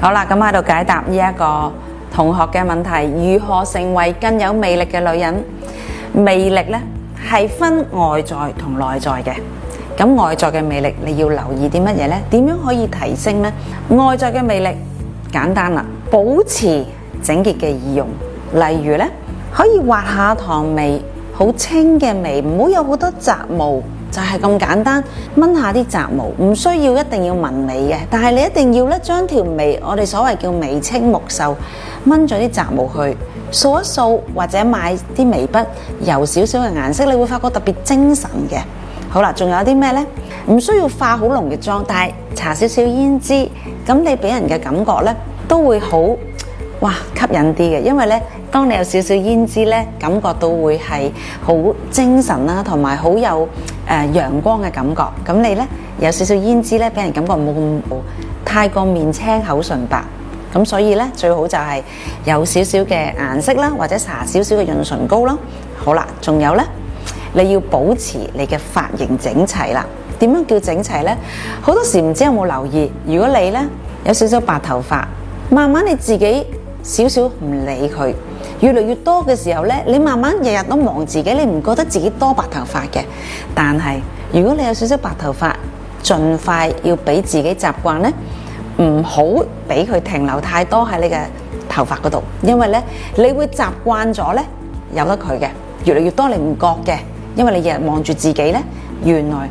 好啦，咁喺度解答呢一個同學嘅問題，如何成為更有魅力嘅女人？魅力咧係分外在同內在嘅。咁外在嘅魅力，你要留意啲乜嘢咧？點樣可以提升咧？外在嘅魅力，簡單啦，保持整潔嘅儀容。例如咧，可以畫下堂眉，好清嘅眉，唔好有好多雜毛。就係咁簡單，掹下啲雜毛，唔需要一定要紋眉嘅。但係你一定要咧將條眉，我哋所謂叫眉清目秀，掹咗啲雜毛去，掃一掃或者買啲眉筆，油少少嘅顏色，你會發覺特別精神嘅。好啦，仲有啲咩呢？唔需要化好濃嘅妝，但係搽少少胭脂，咁你俾人嘅感覺呢，都會好。哇，吸引啲嘅，因為咧，當你有少少胭脂咧，感覺到會係好精神啦，同埋好有誒陽光嘅感覺。咁你咧有少少胭脂咧，俾人感覺冇咁太過面青口唇白。咁所以咧，最好就係有少少嘅顏色啦，或者搽少少嘅潤唇膏啦。好啦，仲有咧，你要保持你嘅髮型整齊啦。點樣叫整齊咧？好多時唔知有冇留意，如果你咧有少少白頭髮，慢慢你自己。少少唔理佢，越嚟越多嘅時候呢，你慢慢日日都望自己，你唔覺得自己多白頭髮嘅。但係如果你有少少白頭髮，盡快要俾自己習慣呢，唔好俾佢停留太多喺你嘅頭髮嗰度，因為呢，你會習慣咗呢，由得佢嘅，越嚟越多你唔覺嘅，因為你日日望住自己呢，原來。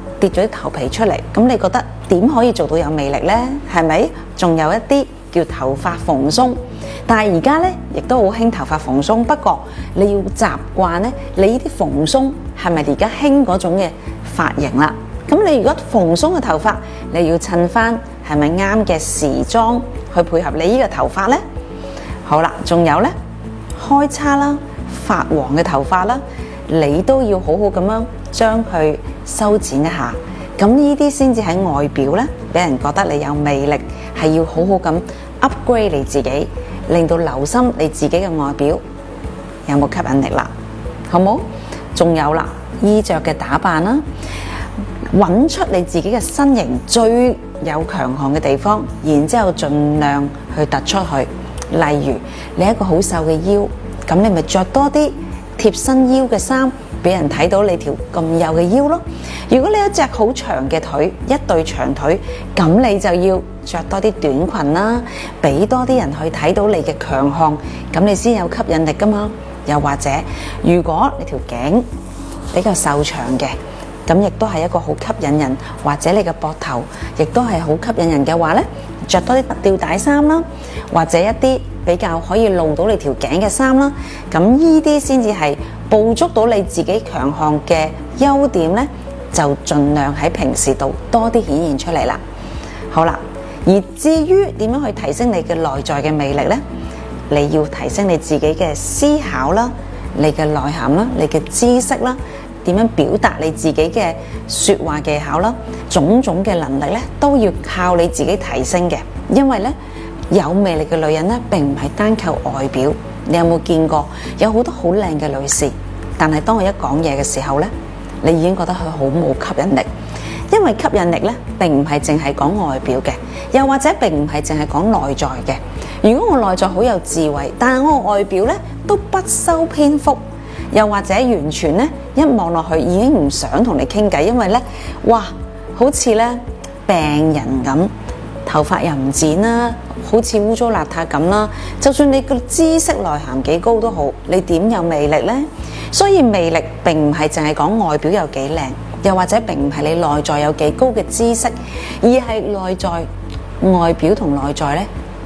跌咗啲頭皮出嚟，咁你覺得點可以做到有魅力呢？係咪？仲有一啲叫頭髮蓬鬆，但係而家呢，亦都好興頭髮蓬鬆，不過你要習慣呢，你呢啲蓬鬆係咪而家興嗰種嘅髮型啦？咁你如果蓬鬆嘅頭髮，你要襯返係咪啱嘅時裝去配合你呢個頭髮呢？好啦，仲有呢，開叉啦，發黃嘅頭髮啦，你都要好好咁樣將佢。修剪一下，咁呢啲先至喺外表呢，俾人覺得你有魅力，係要好好咁 upgrade 你自己，令到留心你自己嘅外表有冇吸引力啦，好冇？仲有啦，衣着嘅打扮啦，搵出你自己嘅身形最有強項嘅地方，然之後盡量去突出去。例如你一個好瘦嘅腰，咁你咪着多啲。貼身腰嘅衫，俾人睇到你條咁幼嘅腰咯。如果你有一隻好長嘅腿，一對長腿，咁你就要着多啲短裙啦，俾多啲人去睇到你嘅強項，咁你先有吸引力㗎嘛。又或者，如果你條頸比較瘦長嘅。咁亦都係一個好吸引人，或者你嘅膊頭亦都係好吸引人嘅話呢，着多啲吊帶衫啦，或者一啲比較可以露到你條頸嘅衫啦，咁呢啲先至係捕捉到你自己強項嘅優點呢，就盡量喺平時度多啲顯現出嚟啦。好啦，而至於點樣去提升你嘅內在嘅魅力呢？你要提升你自己嘅思考啦，你嘅內涵啦，你嘅知識啦。點樣表達你自己嘅說話技巧啦，種種嘅能力咧，都要靠你自己提升嘅。因為咧，有魅力嘅女人咧，並唔係單靠外表。你有冇見過有好多好靚嘅女士，但係當我一講嘢嘅時候咧，你已經覺得佢好冇吸引力。因為吸引力咧，並唔係淨係講外表嘅，又或者並唔係淨係講內在嘅。如果我內在好有智慧，但係我外表咧都不修邊幅。又或者完全咧，一望落去已經唔想同你傾偈，因為咧，哇，好似咧病人咁，頭髮又唔剪啦，好似污糟邋遢咁啦。就算你個知識內涵幾高都好，你點有魅力呢？所以魅力並唔係淨係講外表有幾靚，又或者並唔係你內在有幾高嘅知識，而係內在外表同內在咧，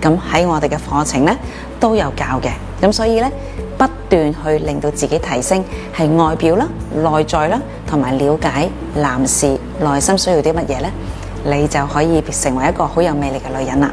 咁喺我哋嘅課程都有教嘅，咁所以呢，不斷去令到自己提升，係外表啦、內在啦，同埋了解男士內心需要啲乜嘢呢，你就可以成為一個好有魅力嘅女人啦。